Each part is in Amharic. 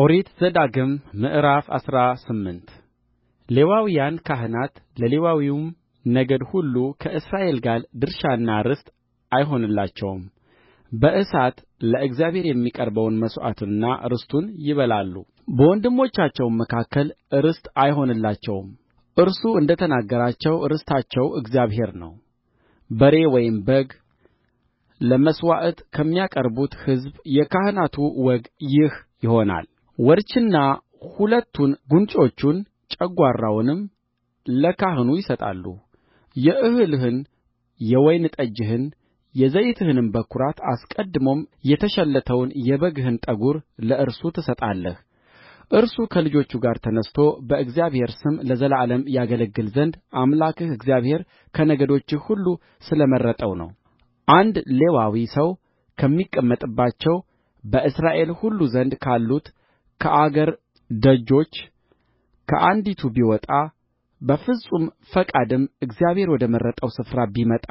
ኦሪት ዘዳግም ምዕራፍ አስራ ስምንት ሌዋውያን ካህናት ለሌዋዊውም ነገድ ሁሉ ከእስራኤል ጋር ድርሻና ርስት አይሆንላቸውም በእሳት ለእግዚአብሔር የሚቀርበውን መሥዋዕትና ርስቱን ይበላሉ በወንድሞቻቸውም መካከል ርስት አይሆንላቸውም እርሱ እንደ ተናገራቸው ርስታቸው እግዚአብሔር ነው በሬ ወይም በግ ለመሥዋዕት ከሚያቀርቡት ሕዝብ የካህናቱ ወግ ይህ ይሆናል ወርችና ሁለቱን ጉንጮቹን ጨጓራውንም ለካህኑ ይሰጣሉ የእህልህን የወይን ጠጅህን የዘይትህንም በኵራት አስቀድሞም የተሸለተውን የበግህን ጠጕር ለእርሱ ትሰጣለህ እርሱ ከልጆቹ ጋር ተነሥቶ በእግዚአብሔር ስም ለዘላለም ያገለግል ዘንድ አምላክህ እግዚአብሔር ከነገዶችህ ሁሉ ስለ መረጠው ነው አንድ ሌዋዊ ሰው ከሚቀመጥባቸው በእስራኤል ሁሉ ዘንድ ካሉት ከአገር ደጆች ከአንዲቱ ቢወጣ በፍጹም ፈቃድም እግዚአብሔር ወደ መረጠው ስፍራ ቢመጣ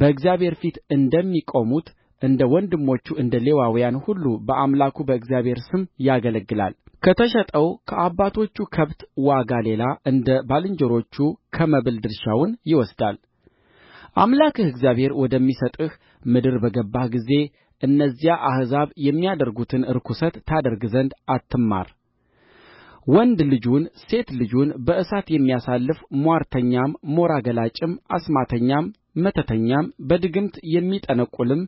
በእግዚአብሔር ፊት እንደሚቆሙት እንደ ወንድሞቹ እንደ ሌዋውያን ሁሉ በአምላኩ በእግዚአብሔር ስም ያገለግላል ከተሸጠው ከአባቶቹ ከብት ዋጋ ሌላ እንደ ባልንጀሮቹ ከመብል ድርሻውን ይወስዳል አምላክህ እግዚአብሔር ወደሚሰጥህ ምድር በገባህ ጊዜ እነዚያ አሕዛብ የሚያደርጉትን ርኵሰት ታደርግ ዘንድ አትማር ወንድ ልጁን ሴት ልጁን በእሳት የሚያሳልፍ ምዋርተኛም ሞራ ገላጭም አስማተኛም መተተኛም በድግምት የሚጠነቍልም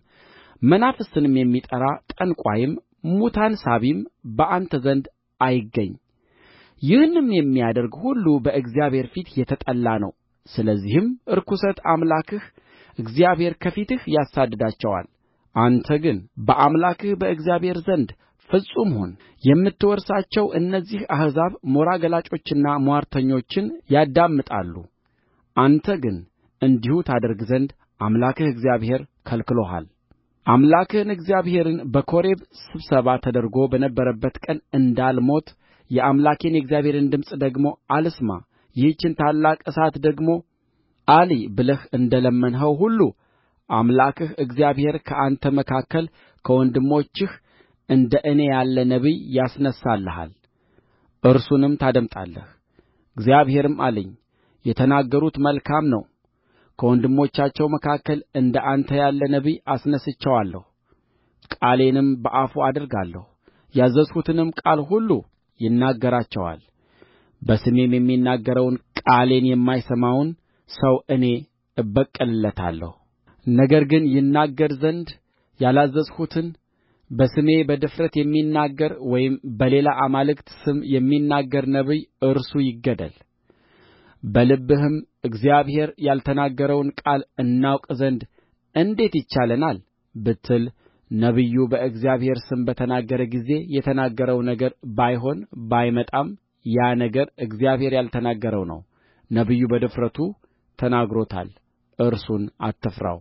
መናፍስትንም የሚጠራ ጠንቋይም ሙታን ሳቢም በአንተ ዘንድ አይገኝ ይህንም የሚያደርግ ሁሉ በእግዚአብሔር ፊት የተጠላ ነው ስለዚህም ርኵሰት አምላክህ እግዚአብሔር ከፊትህ ያሳድዳቸዋል አንተ ግን በአምላክህ በእግዚአብሔር ዘንድ ፍጹም ሁን የምትወርሳቸው እነዚህ አሕዛብ ሞራ ገላጮችና ምዋርተኞችን ያዳምጣሉ አንተ ግን እንዲሁ ታደርግ ዘንድ አምላክህ እግዚአብሔር ከልክሎሃል አምላክህን እግዚአብሔርን በኮሬብ ስብሰባ ተደርጎ በነበረበት ቀን እንዳልሞት የአምላኬን የእግዚአብሔርን ድምፅ ደግሞ አልስማ ይህችን ታላቅ እሳት ደግሞ አልይ ብለህ እንደ ለመንኸው ሁሉ አምላክህ እግዚአብሔር ከአንተ መካከል ከወንድሞችህ እንደ እኔ ያለ ነቢይ ያስነሣልሃል እርሱንም ታደምጣለህ እግዚአብሔርም አለኝ የተናገሩት መልካም ነው ከወንድሞቻቸው መካከል እንደ አንተ ያለ ነቢይ አስነሥቼዋለሁ ቃሌንም በአፉ አደርጋለሁ ያዘዝሁትንም ቃል ሁሉ ይናገራቸዋል በስሜም የሚናገረውን ቃሌን የማይሰማውን ሰው እኔ እበቀልለታለሁ ነገር ግን ይናገር ዘንድ ያላዘዝሁትን በስሜ በድፍረት የሚናገር ወይም በሌላ አማልክት ስም የሚናገር ነቢይ እርሱ ይገደል። በልብህም እግዚአብሔር ያልተናገረውን ቃል እናውቅ ዘንድ እንዴት ይቻለናል ብትል ነቢዩ በእግዚአብሔር ስም በተናገረ ጊዜ የተናገረው ነገር ባይሆን ባይመጣም ያ ነገር እግዚአብሔር ያልተናገረው ነው ነቢዩ በድፍረቱ ተናግሮታል እርሱን አትፍራው